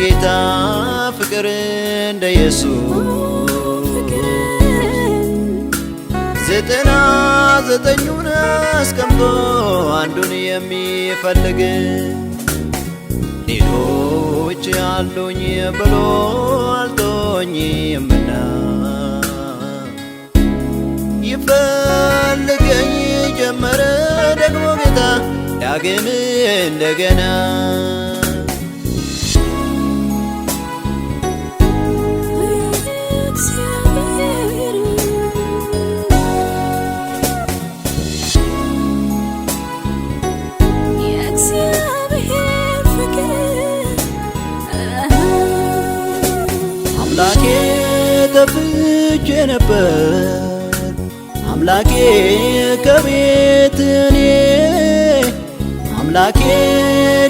ጌታ ፍቅር እንደ ኢየሱስ ዘጠና ዘጠኙን አስቀምጦ አንዱን የሚፈልግ ሌሎች አሉኝ ብሎ አልቶኝ አልቶኝምና ይፈልገኝ ጀመረ ደግሞ ጌታ ዳግም እንደገና አምላኬ ጠፍቼ ነበር አምላኬ ከቤት እኔ አምላኬ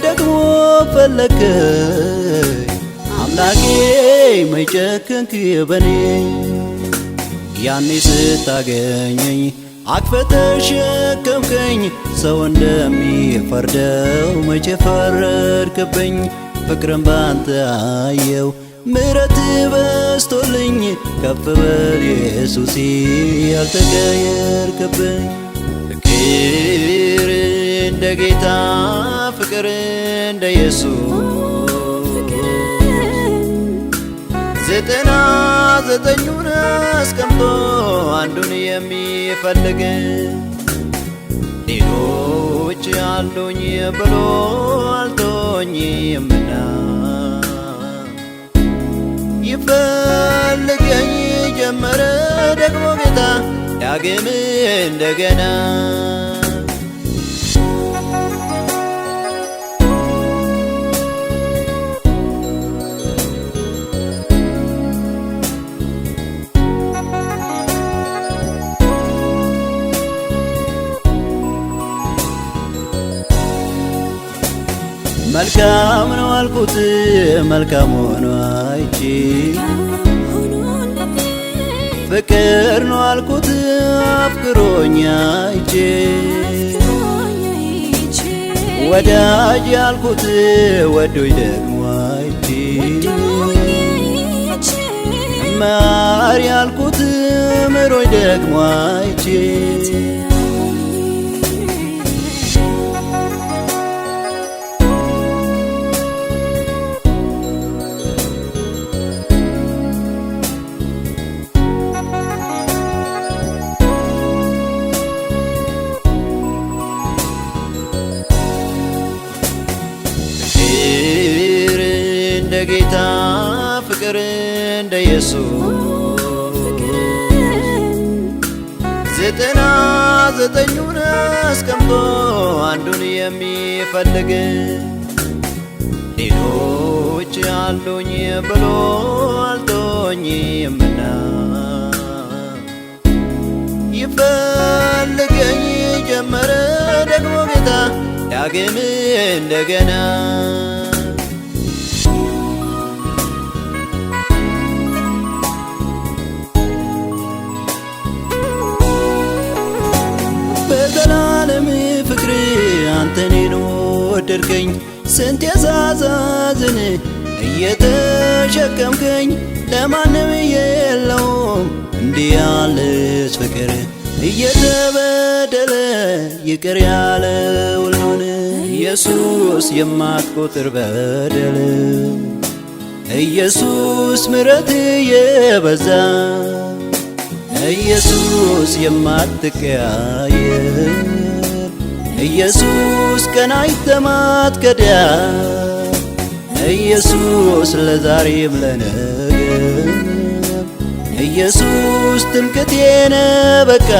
ደግሞ ፈለከኝ አምላኬ መጨከንክ በኔ ያኔ ስታገኘኝ አቅፈ ተሸከምከኝ ሰው እንደሚፈርደው መቼ ፈረድክብኝ ፍቅርን ባንተ አየው ምረት በስቶልኝ ከፍ በል ኢየሱስ ያልተቀየርክብኝ ፍቅር እንደ ጌታ ፍቅር እንደ ኢየሱስ ዘጠና ዘጠኙን አስቀምጦ አንዱን የሚፈልግ ሌሎች አሉኝ ብሎ አልቶኝ አልቶኝምና ዳግም እንደገና መልካም ነው አልኩት መልካም ሆኖ አይቼ ፍቅር ነው አፍቅሮኛ ይቼ ወዳጅ ያልኩት ወዶኝ ደግሞ አይቼ ማር ያልኩት ምሮኝ ደግሞ አይቼ ጌታ ፍቅር እንደ ኢየሱስ ዘጠና ዘጠኙን አስቀምጦ አንዱን የሚፈልግ ሌሎች አሉኝ ብሎ አልቶኝምና ይፈልገኝ ጀመረ ደግሞ ጌታ ዳግም እንደገና አንተ እኔን ወደድከኝ ስንት የሳዛዝን እየተሸከምከኝ ለማንም የለውም እንዲህ ያለች ፍቅር እየተበደለ ይቅር ያለ ውሎን ኢየሱስ የማትቆጥር በደል ኢየሱስ ምረት የበዛ ኢየሱስ የማትቀያየር ኢየሱስ ቀን ይተማት ከዲያ ኢየሱስ ለዛሬ ብለነ ኢየሱስ ትምክቴነ በቃ